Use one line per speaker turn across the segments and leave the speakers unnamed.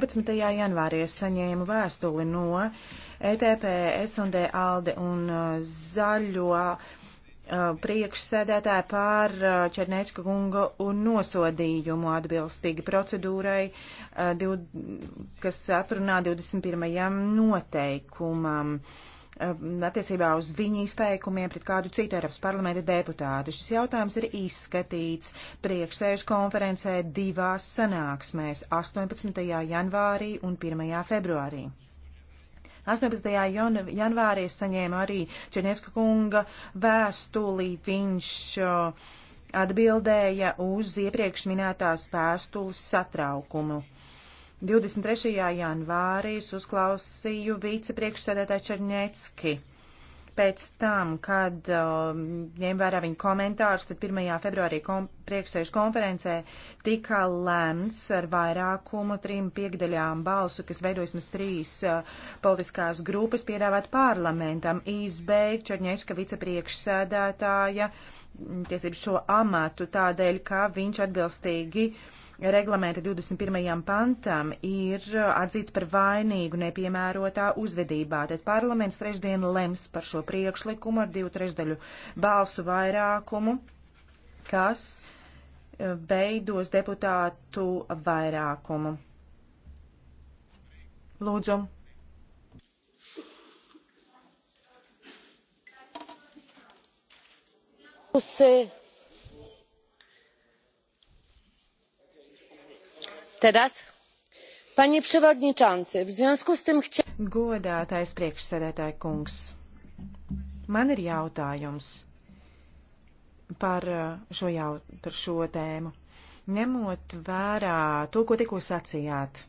11. janvārī es saņēmu vēstuli no ETP, S&D, ALDE un uh, Zaļo uh, priekšsēdētāja pār uh, Černēčka kunga un nosodījumu atbilstīgi procedūrai, kas atrunā 21. noteikumam. Um, Um, attiecībā uz viņu izteikumiem pret kādu citu Eiropas parlamenta deputātu. Šis jautājums ir izskatīts priekšsēžu konferencē divās sanāksmēs - 18. janvārī un 1. februārī. 18. janvārī es saņēmu arī Černieska kunga vēstuli. Viņš uh, atbildēja uz iepriekš minētās vēstules satraukumu. 23. janvārī es uzklausīju vicepriekšsēdētāju Černiecki pēc tam, kad um, ņem vērā viņa komentārus, tad 1. februārī kom priekšsēžu konferencē tika lemts ar vairākumu trim piekdaļām balsu, kas veidojas mēs trīs uh, politiskās grupas, piedāvāt parlamentam izbeigt Černieška vicepriekšsēdētāja mm, tiesību šo amatu tādēļ, ka viņš atbilstīgi uh, reglamenta 21. pantam ir atzīts par vainīgu nepiemērotā uzvedībā. Tad parlaments trešdien lems par šo priekšlikumu ar divu trešdaļu balsu vairākumu, kas eh, beidos deputātu vairākumu. Lūdzu.
Você Paņi Przewodniczący, w związku z tym chciałam. Godātais
priekšsēdētāji kungs, man ir jautājums par eh, šo, jau, par šo tēmu. Ņemot vērā to, ko tikko sacījāt,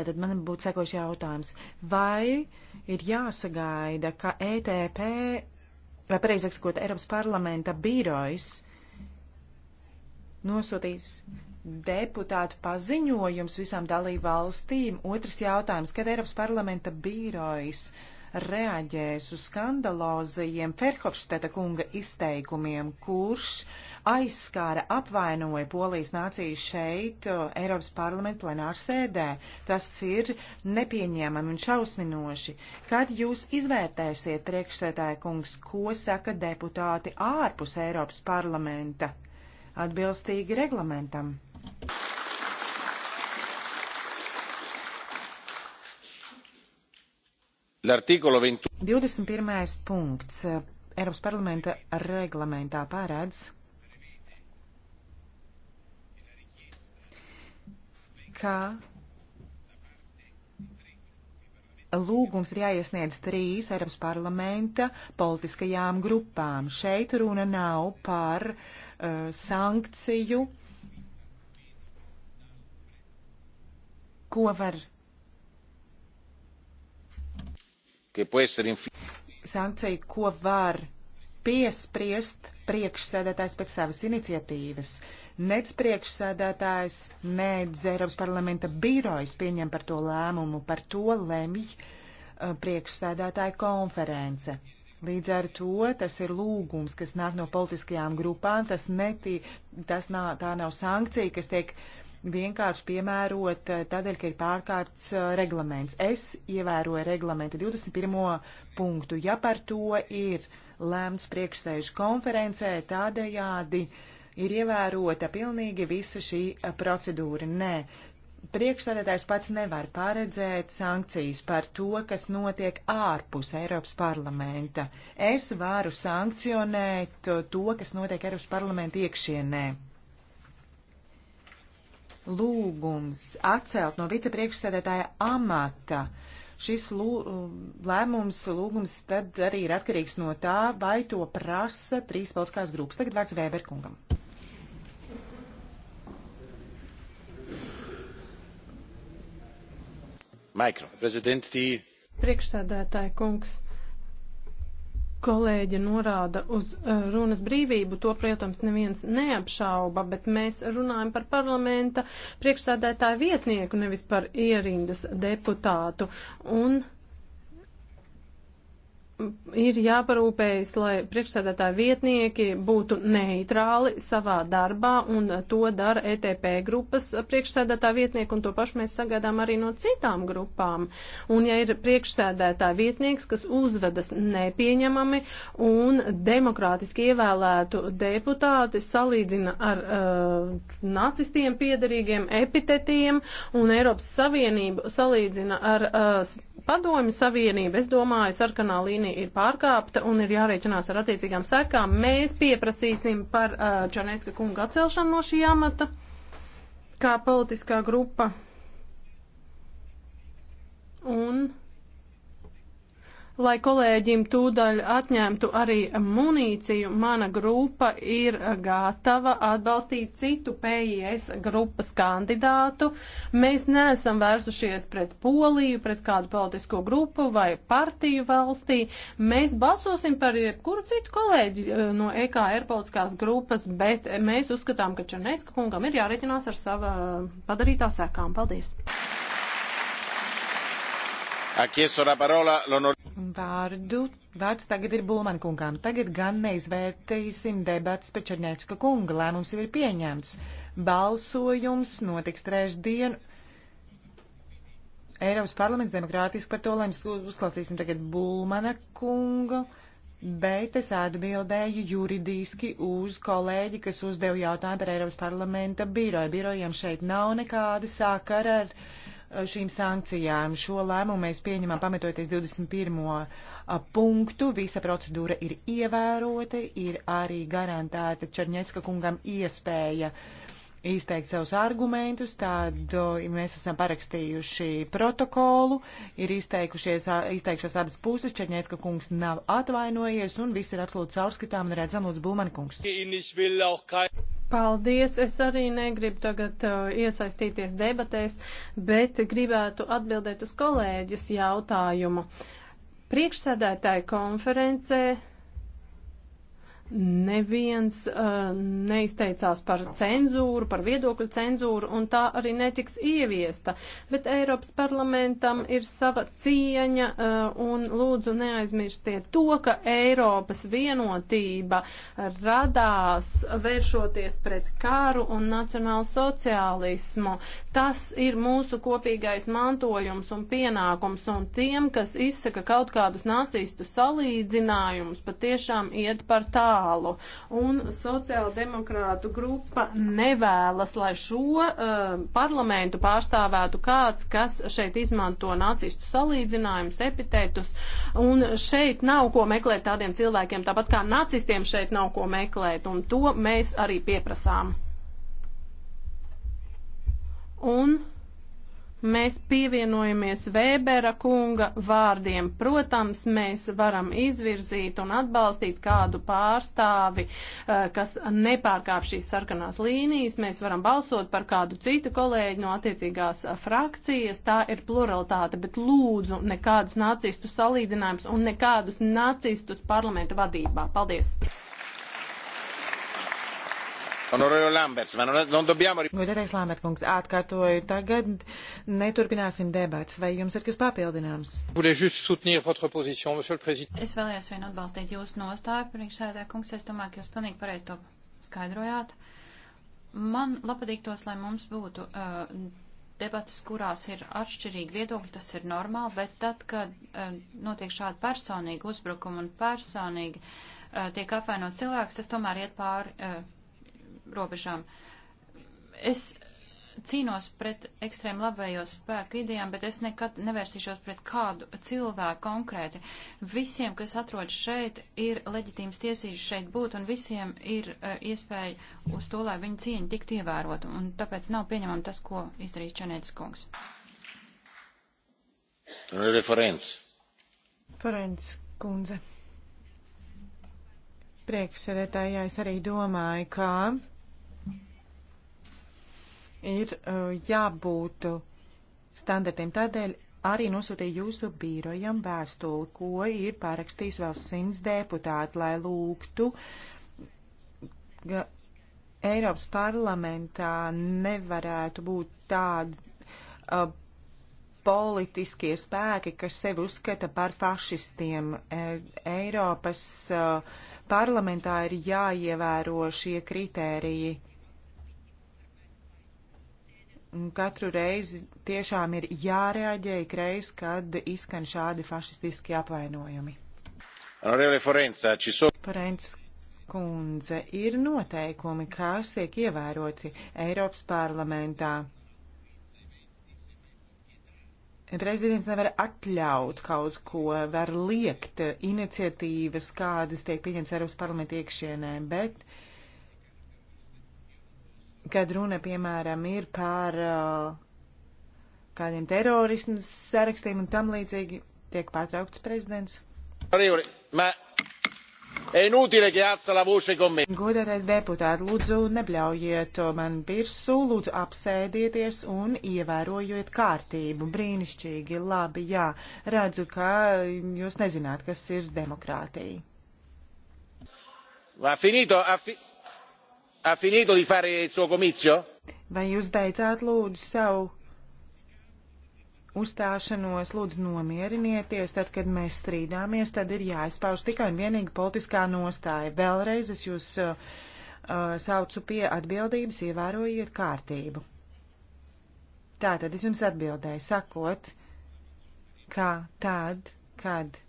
Tātad man būtu sekoši jautājums, vai ir jāsagaida, ka ETP, vai pareizāk sakot, Eiropas parlamenta birojs nosūtīs deputātu paziņojums visām dalību valstīm. Otrs jautājums, kad Eiropas parlamenta bīrojas reaģēs uz skandalozajiem Ferhofšteta kunga izteikumiem, kurš aizskāra apvainoja polijas nāciju šeit Eiropas parlamenta plenāru sēdē. Tas ir nepieņēmami un šausminoši. Kad jūs izvērtēsiet priekšsētāja kungs, ko saka deputāti ārpus Eiropas parlamenta? Atbilstīgi reglamentam. L'articolo 21. punkts Eiropas parlamenta reglamentā pārēdz, ka lūgums ir jāiesniedz trīs Eiropas parlamenta politiskajām grupām. Šeit runa nav par uh, sankciju uh, ko var. Sankcija, ko var piespriest priekšsēdētājs pēc savas iniciatīvas. Nec priekšsēdētājs, nec Eiropas parlamenta birojas pieņem par to lēmumu, par to lemj uh, priekšsēdētāja konference. Līdz ar to tas ir lūgums, kas nāk no politiskajām grupām, tas, netī, tas nav, tā nav sankcija, kas tiek uh, vienkārši piemērot eh, tādēļ, ka ir pārkārts eh, reglaments. Es ievēroju reglamenta 21. punktu. Ja par to ir lēmts priekšsēžu konferencē, tādējādi ir ievērota pilnīgi visa šī eh, procedūra. Nē, priekšsēdētājs pats nevar paredzēt sankcijas par to, kas notiek ārpus Eiropas parlamenta. Es varu sankcionēt to, kas notiek Eiropas parlamenta iekšienē lūgums atcelt no vicepriekšsēdētāja amata. Šis lū, um, lēmums, lūgums tad arī ir atkarīgs no tā, vai to prasa trīs politiskās grupas. Tagad vārds Vēberkungam.
Mikro, prezidenti. Priekšsēdētāja kungs kolēģi norāda uz eh, runas brīvību, to, protams, neviens neapšauba, bet mēs runājam par parlamenta priekšsēdētāju vietnieku, nevis par ierindas deputātu. Un ir jāparūpējas, lai priekšsēdētāji vietnieki būtu neitrāli savā darbā, un to dara ETP grupas priekšsēdētāji vietnieki, un to pašu mēs sagaidām arī no citām grupām. Un ja ir priekšsēdētāji vietnieks, kas uzvedas nepieņemami, un demokrātiski ievēlētu deputāti salīdzina ar uh, nacistiem piedarīgiem epitetiem, un Eiropas Savienību salīdzina ar uh, Padomju Savienību, es domāju, sarkanā līnija līmenī ir pārkāpta un ir jārēķinās ar attiecīgām sekām. Mēs pieprasīsim par uh, Čarnēcka kunga atcelšanu no šī amata kā politiskā grupa. Un Lai kolēģim tūdaļ atņemtu arī munīciju, mana grupa ir gatava atbalstīt citu PIS grupas kandidātu. Mēs neesam vērsušies pret Poliju, pret kādu politisko grupu vai partiju valstī. Mēs balsosim par jebkuru citu kolēģi eh, no EKR politiskās grupas, bet mēs uzskatām, ka Černeska kungam ir jāreķinās ar savu eh, padarītā sekām. Paldies! Vārdu,
vārds tagad ir Bulman kungām. Tagad gan neizvērtīsim debats par Černiečka kunga lēmums jau ir pieņemts. Balsojums notiks trešdien. Eiropas parlaments demokrātiski par to lems. Uzklausīsim tagad Bulmana kungu, bet es atbildēju juridiski uz kolēģi, kas uzdev jautājumu par Eiropas parlamenta biroju. Birojiem šeit nav nekāda sākara ar. Uh, šīm sankcijām. Šo lēmumu mēs pieņemam pamatoties 21. punktu. Visa procedūra ir ievērota, ir arī garantēta Černiecka kungam iespēja izteikt savus argumentus, tad mēs esam parakstījuši protokolu, ir izteikušies, izteikušās abas puses, Černiecka kungs nav
atvainojies un viss ir absolūti caurskatām un redzam, lūdzu, Būman kungs. Paldies! Es arī negribu tagad uh, iesaistīties debatēs, bet gribētu atbildēt uz kolēģis jautājumu. Priekšsēdētāja konferencē neviens uh, neizteicās par cenzūru, par viedokļu cenzūru, un tā arī netiks ieviesta. Bet Eiropas parlamentam ir sava cieņa, uh, un lūdzu neaizmirstiet to, ka Eiropas vienotība radās vēršoties pret kāru un nacionālu sociālismu. Tas ir mūsu kopīgais mantojums un pienākums, un tiem, kas izsaka kaut kādus nācistu salīdzinājumus, patiešām iet par tālu tālu. Un sociāla demokrātu grupa nevēlas, lai šo uh, parlamentu pārstāvētu kāds, kas šeit izmanto nacistu salīdzinājumus, epitētus. Un šeit nav ko meklēt tādiem cilvēkiem, tāpat kā nacistiem šeit nav ko meklēt. Un to mēs arī pieprasām. Un mēs pievienojamies Vēbera kunga vārdiem. Protams, mēs varam izvirzīt un atbalstīt kādu pārstāvi, eh, kas nepārkāp šīs sarkanās līnijas. Mēs varam balsot par kādu citu kolēģi no attiecīgās frakcijas. Tā ir pluralitāte, bet lūdzu nekādus nacistus salīdzinājumus un nekādus nacistus parlamenta vadībā. Paldies! Godētais
Lambert kungs, atkārtoju, tagad neturpināsim debats. Vai jums ir kas papildināms?
Es vēlējos vien atbalstīt jūsu nostāju, priekšsēdē kungs, es domāju, ka jūs pilnīgi pareizi to skaidrojāt. Man labadīgtos, lai mums būtu uh, debatas, kurās ir atšķirīgi viedokļi, tas ir normāli, bet tad, kad uh, notiek šādi personīgi uzbrukumi un personīgi uh, tiek apvainots cilvēks, tas tomēr iet pāri. Uh, robežām. Es cīnos pret ekstrēmu labējo spēku idejām, bet es nekad nevērsīšos pret kādu cilvēku konkrēti. Visiem, kas atrodas šeit, ir leģitīmas tiesības šeit būt, un visiem ir uh, iespēja uz to, lai viņu cieņa tiktu ievērot, un tāpēc nav pieņemam tas, ko izdarīs Čanētis kungs. Referents. Referents kundze.
Priekšsēdētāji, es arī domāju, ka ir eh, jābūt standartiem. Tādēļ arī nosūtīja jūsu bīrojam vēstuli, ko ir pārakstījis vēl simts deputāti, lai lūgtu Eiropas parlamentā nevarētu būt tādi uh, politiskie spēki, kas sevi uzskata par fašistiem. E Eiropas uh, parlamentā ir jāievēro šie kritēriji katru reizi tiešām ir jārēģē ikreiz, kad izskan šādi fašistiski apvainojumi.
Parents
kundze, ir noteikumi, kas tiek ievēroti Eiropas parlamentā. Prezidents nevar atļaut kaut ko, var liekt iniciatīvas, kādas tiek pieņemts Eiropas parlamenta iekšienē, bet uh, kad runa, piemēram, ir par uh, kādiem terorismas sarakstiem un tam līdzīgi, tiek pārtraukts prezidents. Godātais deputāti, lūdzu, nebļaujiet man virsū, lūdzu, apsēdieties un ievērojiet kārtību. Brīnišķīgi, labi, jā, redzu, ka jūs nezināt, kas ir
demokrātija. Va finito, a fi... Ha finito di fare il suo comizio?
Vai jūs beidzāt lūdzu savu uzstāšanos, lūdzu nomierinieties, tad, kad mēs strīdāmies, tad ir jāizpauž tikai un vienīgi politiskā nostāja. Vēlreiz es jūs uh, uh saucu pie atbildības, ievērojiet kārtību. Tā tad es jums atbildēju, sakot, kā tad, kad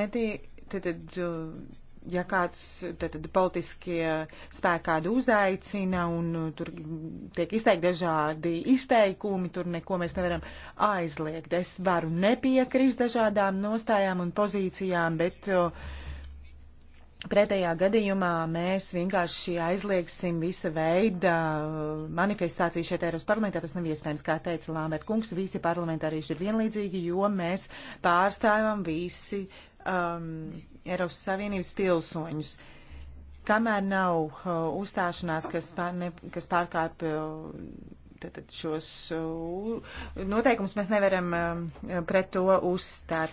netiek, tad, tad, ja kāds tad, tad politiskie spēki kādu uzaicina un uh, tur tiek izteikti dažādi izteikumi, tur neko mēs nevaram aizliegt. Es varu nepiekrist dažādām nostājām un pozīcijām, bet uh, pretējā gadījumā mēs vienkārši aizliegsim visa veida uh, manifestāciju šeit Eiropas parlamentā. Tas nav iespējams, kā teica Lambert kungs, visi parlamentārieši ir vienlīdzīgi, jo mēs pārstāvam visi. Uh, um, Eiropas Savienības pilsoņus. Kamēr nav uh, uzstāšanās, kas, pār, ne, kas pārkāpj uh, šos uh, noteikumus, mēs nevaram uh, pret to uzstāt.